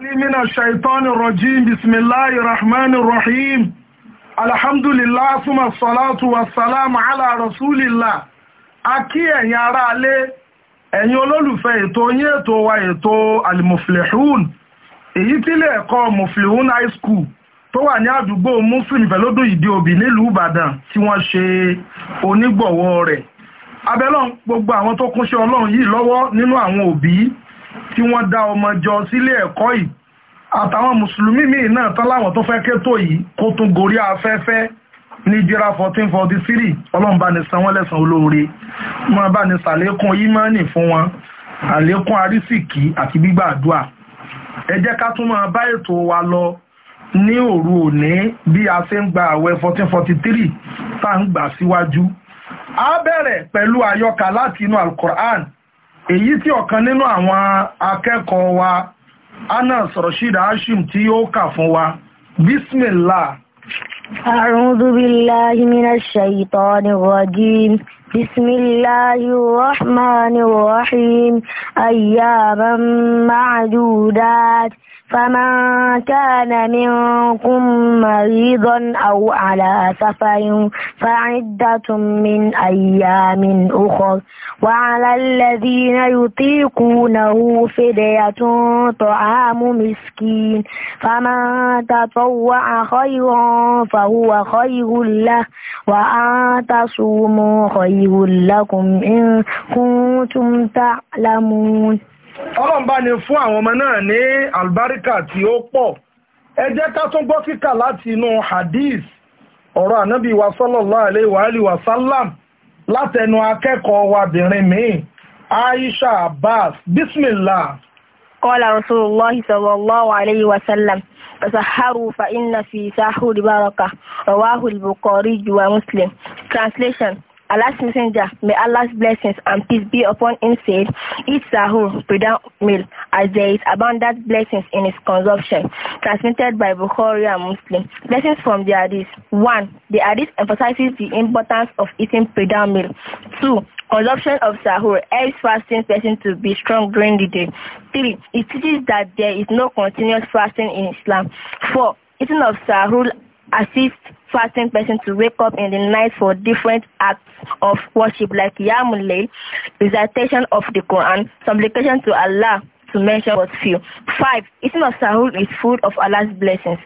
من الشيطان الرجيم بسم الله الرحمن الرحيم الحمد لله ثم الصلاة والسلام على رسول الله akí ẹ̀yin ará alé ẹ̀yin olólùfẹ́ ètò yín ètò wa ètò al-muflihun èyí tí ilé ẹ̀kọ́ muflihun high school tó wà ní àdúgbò muslim ìfẹ́lódún ìdí òbí nílùú ìbàdàn tí wọ́n ṣe onígbọ̀wọ́ rẹ̀ abẹ́lọ́n gbogbo àwọn tó kúnṣe ọlọ́run yìí lọ́wọ́ nínú àwọn òbí tí wọ́n dá ọmọ jọ sílé ẹ̀kọ́ yìí àtàwọn mùsùlùmí míì náà tán láwọn tó fẹ́ kétò yìí kó tún gorí afẹ́fẹ́ ní jíra 1443 ọlọ́run bá ní san wọ́n lẹ́san olóore wọ́n bá ní sàlékún ímánì fún wọn àlékún arísìkí àti gbígbà àdúà ẹ jẹ́ ká tún máa bá ètò wa lọ ní òru òní bí a ṣe ń gba àwẹ̀ 1443 tá à ń gbà síwájú a bẹ̀rẹ̀ pẹ̀lú àyọkà láti inú alukur'an èyí tí ọ̀kan nínú àwọn akẹ́kọ̀ọ́ wa anas rashid hashim tí yóò kà fún wa bismillah. ṣe بالله ni الشيطان الرجيم بسم الله الرحمن الرحيم أياما معدودات فمن كان منكم مريضا أو على سفر فعدة من أيام أخر وعلى الذين يطيقونه فدية طعام مسكين فمن تطوع خيرا فهو خير له وأن تصوموا خيرا خير لكم إن كنتم تعلمون ọlọ́run bá ní fún àwọn ọmọ náà ní àlùbáríkà tí ó pọ̀ ẹ jẹ́ ká tún gbọ́ kíkà láti inú hadith ọ̀rọ̀ ànábì wa sallallahu alaihi wa alihi wa sallam látẹnu akẹ́kọ̀ọ́ wa bìnrin míì aisha abbas bismillah. قال رسول الله صلى الله عليه وسلم تسحروا فإن في سحور بركة رواه البخاري ومسلم Translation Allah's messenger, may Allah's blessings and peace be upon him, said, Eat sahur, without meal, as there is abundant blessings in its consumption. Transmitted by Bukhari and Muslim. Blessings from the hadith. 1. The hadith emphasizes the importance of eating without meal. 2. Consumption of sahur helps fasting person to be strong during the day. 3. It teaches that there is no continuous fasting in Islam. 4. Eating of sahur assist fasting person to wake up in the night for different acts of worship like Qiyamul recitation of the Quran, supplication to Allah to mention but few. Five, eating of sahur is food of Allah's blessings.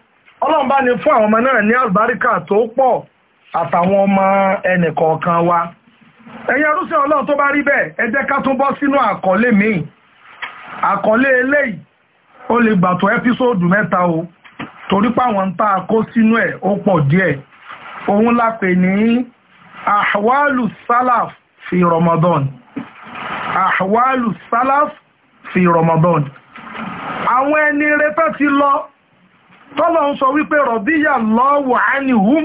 Ọlọ́run bá ní fún àwọn ọmọ náà ní àlùbáríkà tó pọ̀ àtàwọn ọmọ ẹnìkọ̀ọ̀kan wa. Ẹ̀yin arúsẹ̀ Ọlọ́run tó bá rí bẹ́ẹ̀, ẹ jẹ́ ká tún bọ́ sínú àkọlé míì. Àkọlé eléyìí, ó lè gbà tó ẹ́písòdù mẹ́ta o torí páwọn tá a kó sínú ẹ̀ ó pọ̀ díẹ̀ òun la pè ní ahwalu salaf fi Ramadan ahwalu salaf fi Ramadan àwọn ẹni retẹ́ ti lọ tọ́lọ̀ ń sọ wípé rọ̀bíyà lọ́wọ́ ánìhùn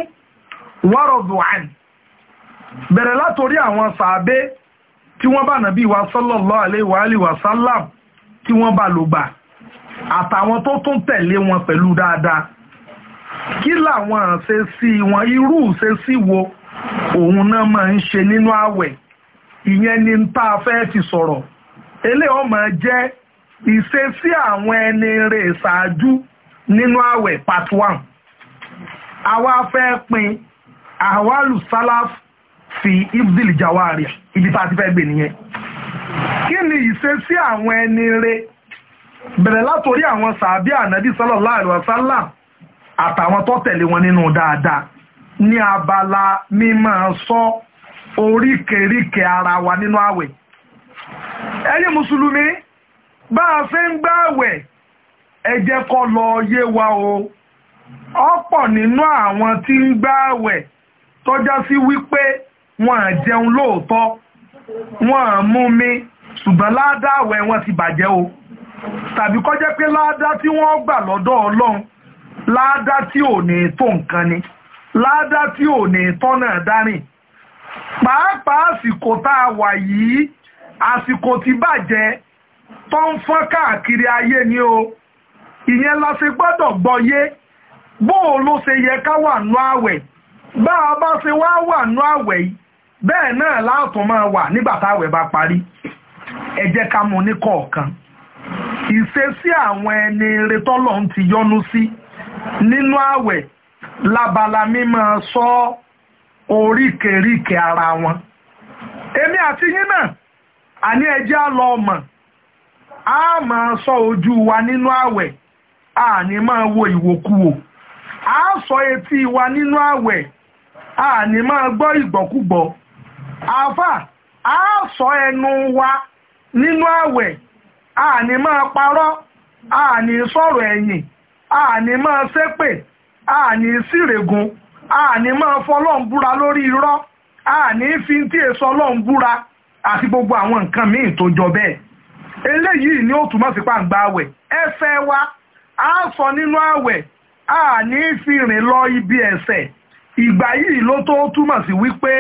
wárọ̀dùn bẹ̀rẹ̀ látorí àwọn sàábé tí wọ́n bá nàbí wa sallallahu alaihi wa sallam tí wọ́n bá lò àtàwọn tó tún tẹ̀lé wọn pẹ̀lú dáadáa kí làwọn ṣe sí wọn irú ṣe sí wo òun náà máa ń ṣe nínú ààwẹ̀ ìyẹn ni tá a fẹ́ ti sọ̀rọ̀ eléyìí ó máa jẹ́ ìṣesí àwọn ẹni rẹ̀ ṣáájú nínú ààwẹ̀ part one àwa fẹ́ pín àwálù sálàf fi ibdil jawari ibi tá a ti fẹ́ gbé nìyẹn kí ni ìṣesí àwọn ẹni rẹ̀ bẹ̀rẹ̀ látòrí àwọn sàbí ànábì sallallahu alaihi àtàwọn tó tẹ̀lé wọn nínú dáadáa ní abala mímọ́ sọ oríkèríkè ara wa nínú àwẹ̀ ẹ̀yin mùsùlùmí bá a ń gbá àwẹ̀ ẹ wa o ọ̀pọ̀ nínú àwọn tí ń gbá àwẹ̀ tọ́já sí wípé wọn à jẹun lóòótọ́ wọn à mú mi ṣùgbọ́n ládàáwẹ̀ wọn o. tàbí kọ́ jẹ́ pé láádá tí wọ́n gbà lọ́dọ̀ ọlọ́run láádá tí ò ní tó nǹkan ni láádá tí ò ní tọ́nà dárìn pàápàá àsìkò tá a wà yìí àsìkò tí bàjẹ́ tó ń fọ́n káàkiri ayé ni o ìyẹn la ṣe gbọ́dọ̀ gbọ́yé bóò ló ṣe yẹ ká wà nú àwẹ̀ bá a bá ṣe wá wà nú àwẹ̀ yìí bẹ́ẹ̀ náà láàtún máa wà nígbà táwẹ̀ bá parí ẹ jẹ́ ká mú ní kọ̀ọ̀kan. ìṣesí àwọn ẹni retọ́lọ̀ ti sí nínú àwẹ̀ lábala mímọ́ sọ oríkèríkè ara wọn èmi àti yín náà àní ẹjẹ́ lọ mọ̀ sọ ojú wa nínú àwẹ̀ àní máa wo ìwòkuwò a sọ etí wa nínú àwẹ̀ àní máa gbọ́ ìgbọ́kúgbọ́ àfà a sọ ẹnu wa nínú àní máa parọ́ àní sọ̀rọ̀ ẹ̀yìn àní máa sépè àní sírègùn àní máa fọlọ́n búra lórí irọ́ àní fi tí èso ọlọ́run búra àti gbogbo àwọn nǹkan míì tó jọ bẹ́ẹ̀ eléyìí ni ó túmọ̀ sí pàǹgbà àwẹ̀ ẹsẹ̀ wa a sọ nínú àwẹ̀ àní fi rìn lọ ibi ẹ̀ṣẹ̀ ìgbà yìí ló tó túmọ̀ sí wípé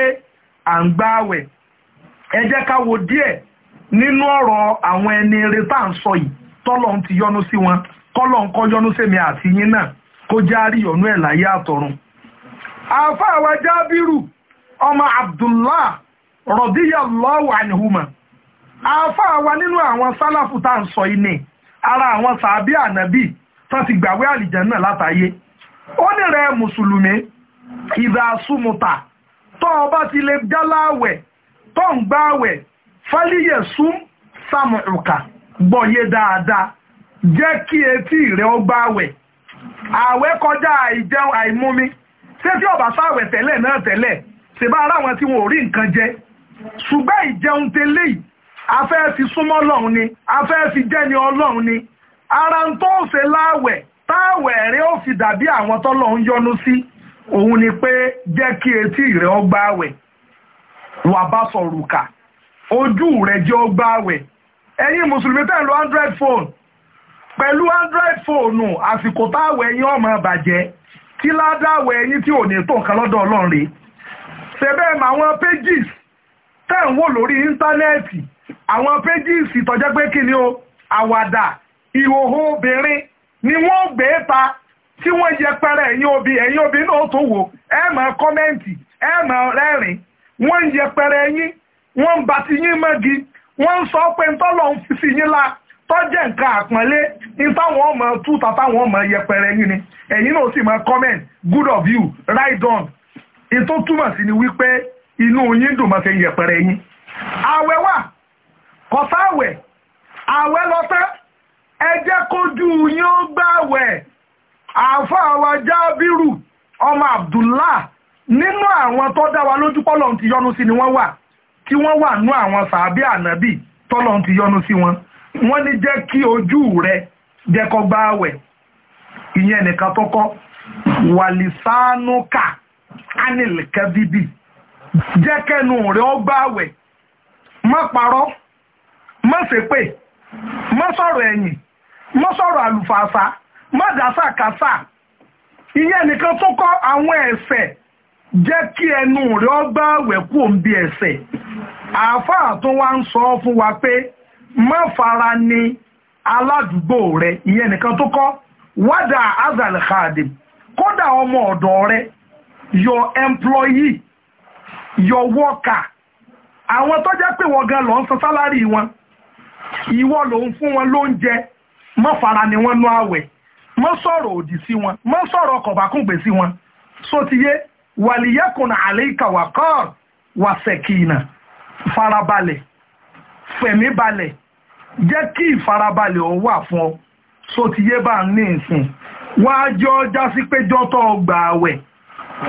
à ń gbà àwẹ̀ ẹ jẹ́ ká wo díẹ̀ nínú ọ̀rọ̀ àwọn ẹni eré tá à ń sọ yìí tọ́lọ́hún ti yọ́nú sí wọn kọ́lọ́hún kọ́ yọ́nú sèmi àti yín náà kó já rí ọ̀nú ẹ̀ láyé àtọ̀run. àáfàá wa jábírù ọmọ abdullah radiyallahu anhuma àáfàá wa nínú àwọn sálàfù tá à ń sọ yìí ni ara àwọn sàábí ànábì tó ti gbàwé àlìjẹ́ náà látàyé ó ní rẹ mùsùlùmí ìdá súnmùtà tó o ti lè jáláwẹ̀ tó ń gbáwẹ̀ fálíyẹ̀ sún sàmùkà gbọ́yé dáadáa jẹ́ kí etí rẹ̀ ó bá wẹ̀ ààwẹ̀ kọjá àìjẹun àìmumi ṣé tí ọba sáwẹ̀ tẹ́lẹ̀ náà tẹ́lẹ̀ ṣe bá aráwọn tí wọn ò rí nǹkan jẹ ṣùgbọ́n ìjẹun tẹ́lẹ̀ yìí afẹ́ fi súnmọ́ ọlọ́run ni afẹ́ fi jẹ́ni ọlọ́run ni ara ń tó ṣe láàwẹ̀ táwẹ̀ rẹ̀ ó fi dàbí àwọn tọ́lọ́run yọ́nú sí òun ni pé jẹ́ kí etí rẹ̀ ó gbáwẹ̀ wà bá sọ̀rùkà ojú rẹ̀ jẹ́ ó gbààwẹ̀ ẹ̀yin mùsùlùmí tẹ̀ lo android phone pẹ̀lú android phone àsìkò táwẹ̀ ẹ̀yin ọmọ bàjẹ́ tí ládàwẹ̀ ẹ̀yin tí ò ní tó nǹkan lọ́dọ̀ ọlọ́run rè ṣẹbẹ́ mà àwọn pages tẹ̀ ń wò lórí íńtánẹ́ẹ̀tì àwọn pages ìtọ́jẹ́ pé kí ni o àwàdà ìhòhò obìnrin ni wọ́n gbé ta tí wọ́n yẹpẹrẹ ẹ̀yin obi ẹ̀yin obi náà tó wò ẹ̀ máa kọ́mẹ́ǹtì ẹ̀ máa rẹ́rìn wọ́n yẹpẹrẹ ẹ̀yin wọ́n ń ba ti yín mọ́gi wọ́n ń sọ pé ntọ́lọ̀ ń fi sí yín la tọ́jẹ́ nǹkan àpọ́nlé ní táwọn ọmọ túta táwọn ọmọ yẹpẹrẹ yín ni ẹ̀yin náà sì máa comment good of you right on ètò túmọ̀ sí ni wípé inú yín dùn máa fi yẹpẹrẹ yín àwẹ̀ wà kọ̀sáwẹ̀ àwẹ̀ lọ́tẹ́ ẹ jẹ́ kójú yín ó gbàwẹ̀ àáfàá wa jábírù ọmọ Abdullah nínú àwọn tó dá wa lójú pọ́lọ̀ ti yọnu sí ni wọ́n wà kí wọ́n wà nú àwọn sàábí ànábì tọ́lọ́n ti yọ́nú sí wọn wọ́n ní jẹ́ kí ojú rẹ jẹ́ kó gba wẹ̀ ìyẹn nìkan tọ́kọ́ wàlìsánúkà ánìlẹ̀kẹ́bíbì jẹ́ kẹ́nu rẹ ó gba àwẹ̀ má parọ́ má ṣépè má sọ̀rọ̀ ẹ̀yìn má sọ̀rọ̀ àlùfàṣà má dàsàkàsà ìyẹn nìkan tọ́kọ́ àwọn jẹ́ kí ẹnu rẹ̀ ọ wẹ̀kú òǹbí ẹ̀sẹ̀ àáfàá tó wa ń sọ fún wa pé má fara ni aládùúgbò rẹ̀ ìyẹn nìkan tó kọ́ wádà azal kódà ọmọ ọ̀dọ̀ rẹ̀ your employee your worker àwọn tó jẹ́ pé lọ ń san wọn ìwọ ló ń wọn lóúnjẹ má fara ni wọn nú àwẹ̀ má sọ̀rọ̀ òdì sí wọn má sọ̀rọ̀ wàlíyẹ́kùn àlékà wàkọ́ọ̀ wàsẹ̀kìnà farabalẹ̀ fẹ̀mí balẹ̀ jẹ́ kí ìfarabalẹ̀ ọ̀ wà fún ọ so ti yé bá ń ní ìsìn wàá jọ já sí pé jọ́tọ̀ gbà àwẹ̀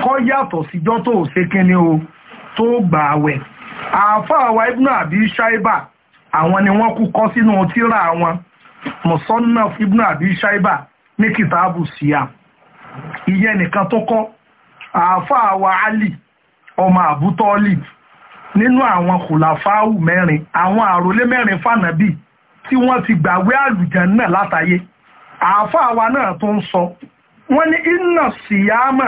kọ́ yàtọ̀ sí jọ́tọ̀ òṣè kínní o tó gbà àwẹ̀ àáfàá wa ibnu àbí ṣáíbà àwọn ni wọ́n kú kọ́ sínú tírà wọn mùsọ́nà ibnu àbí ṣáíbà ní kìtàbù síyà ìyẹn nìkan tó kọ́ àáfàá wa ali ọmọ àbútọ́ọ̀lì nínú àwọn kòláfáàwù mẹ́rin àwọn àròlé mẹ́rin fànàbì tí wọ́n ti gbàwé àlùjàn náà látàyé àáfàá wa náà tó ń sọ wọ́n ní iná síyámà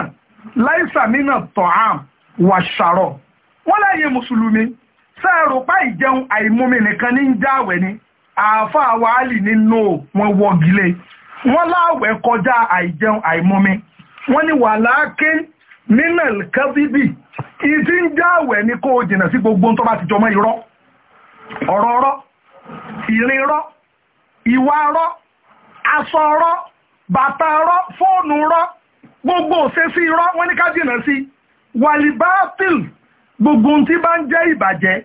láìsàmínà tọ̀hám wàṣàrọ̀ wọ́n láyé mùsùlùmí sẹ́ẹ̀rù pa ìjẹun àìmumi nìkan ní jáwẹ̀ ni àáfàá wa ali nínú wọn wọgilé wọ́n láwẹ̀ kọjá àìjẹun àìmumi wọ́n ní wàlákín nínà kẹ́bíbì ìdí ń já àwẹ̀ ní kó o jìnà sí gbogbo tó bá ti jọmọ́ irọ́ ọ̀rọ̀ ọ̀rọ̀ ìrìn rọ́ ìwà rọ́ aṣọ rọ́ bàtà rọ́ fóònù rọ́ gbogbo òṣèṣì rọ́ wọ́n ní ká jìnà sí wàlìbáàtìl gbogbo tí bá ń jẹ́ ìbàjẹ́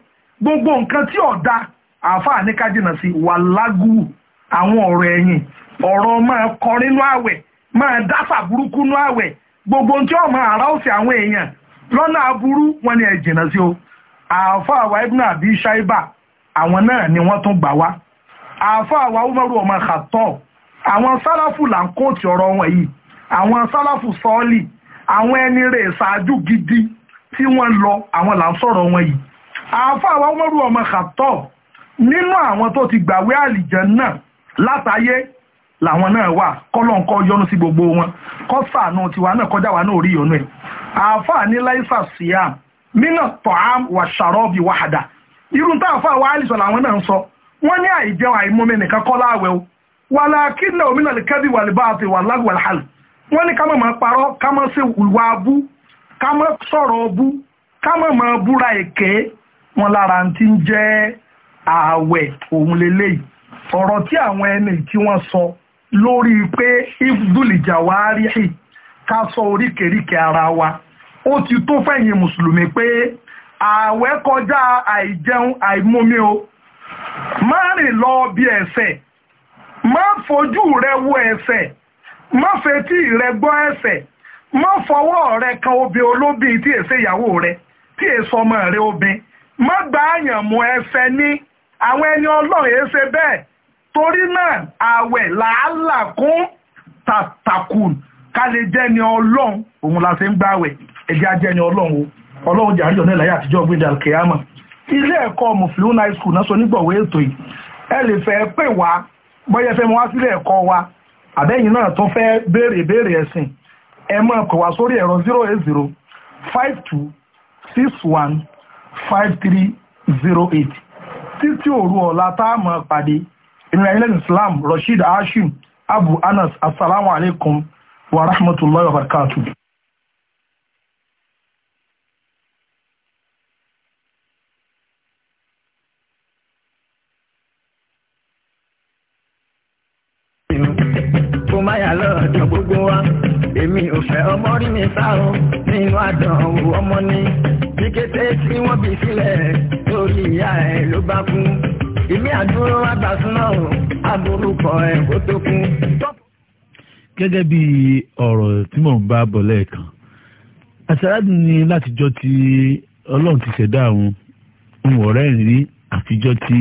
gbogbo nǹkan tí ọ̀dà àáfàá ní ká jìnà sí wàlágù àwọn ọ̀rọ̀ ẹ̀yìn ọ̀rọ̀ máa kọrin nú àwẹ̀ máa dáfà burúkú nú àwẹ̀ gbogbo tí ọmọ àrá òsì àwọn èèyàn lọ́nà aburú wọn ni ẹ jìnnà sí o àáfàá àwa ibùnà àbí ṣáíbà àwọn náà ni wọ́n tún gbà wá àáfàá àwa umaru ọmọ kàtọ́ àwọn sálàfù là ń kóòtù ọ̀rọ̀ wọn yìí àwọn sálàfù sọ́ọ̀lì àwọn ẹni rẹ̀ ṣáájú gidi tí wọ́n lọ àwọn là ń sọ̀rọ̀ wọn yìí àáfàá wa umaru ọmọ kàtọ́ nínú àwọn tó ti gbàwé àlìjẹ náà látàyé làwọn náà wà kọ́lọ́ǹkọ́ yọnu sí gbogbo wọn kọ́fà náà tiwa náà kọjá wa náà rí yọnu ẹ̀ àáfàá ní láìsà siam mina tọ́ám wà ṣàrọ́ọ̀bì wàhádà irú tá àáfàá wa àlìsọ làwọn náà ń sọ wọ́n ní àìjẹun àìmọ́mi nìkan kọ́ láàwẹ̀ o wà láàkí náà omi náà kẹ́bí wà lébà àti wà lágùn àlhàlù wọ́n ní ká máa parọ́ ká má ìwà abú ká sọ̀rọ̀ ọbú ká máa búra èké wọn lára ti ń jẹ́ ààwẹ̀ òun lélẹ́yìí ọ̀rọ̀ tí àwọn ẹni tí wọ́n sọ lórí pé ifdulija wàárìhì ká sọ oríkèríkè ara wa ó ti tó fẹ̀yìn mùsùlùmí pé ààwẹ̀ kọjá àìjẹun àìmúmi o má rìn lọ bí ẹ̀ṣẹ̀ má fojú rẹ wo ẹ̀ṣẹ̀ má fetí rẹ gbọ́ ẹ̀ṣẹ̀ má fọwọ́ rẹ kan obi olóbì tí èsè ìyàwó rẹ tí èsè ọmọ rẹ obìn má gbà àyànmú ẹ̀ṣẹ̀ ní àwọn ẹni ọlọ́run èsè bẹ́ẹ̀ torí náà ààwẹ̀ làálà kún tàtàkùn ká lè jẹni ọlọ́run òun la ṣe ń gbààwẹ̀ ẹ̀jẹ̀ ajẹ́ ni ọlọ́run o ọlọ́run jẹ́ àjọ àtijọ́ ilé ẹ̀kọ́ high school náà sọ nígbọ̀wé ètò yìí ẹ lè fẹ́ pè wá bọ́yẹ fẹ́ wa àbẹ́yìn náà tó fẹ́ béèrè béèrè ẹ̀sìn ẹ wá sórí ẹ̀rọ zero eight zero five two six ìrìn àyílẹ̀ islam rasheed Ashim abu anas assalamu alaikum wa rahmatullahi wa barakatuh. èmi ò fẹ́ ọmọ rí mi sá nínú àdánwò ọmọ ni bí tí wọ́n bí sílẹ̀ lórí ìyá ẹ̀ ló bá kú ilé àdúró àgbàsúná o aburúkọ ẹ̀ kó tó kú. gẹ́gẹ́ bí ọ̀rọ̀ tí mò ń bá bọ̀ lẹ́ẹ̀kan àṣàrádì ni látijọ́ tí ọlọ́run ti ṣẹ̀dá àwọn ohun ọ̀rẹ́ rí àtijọ́ tí.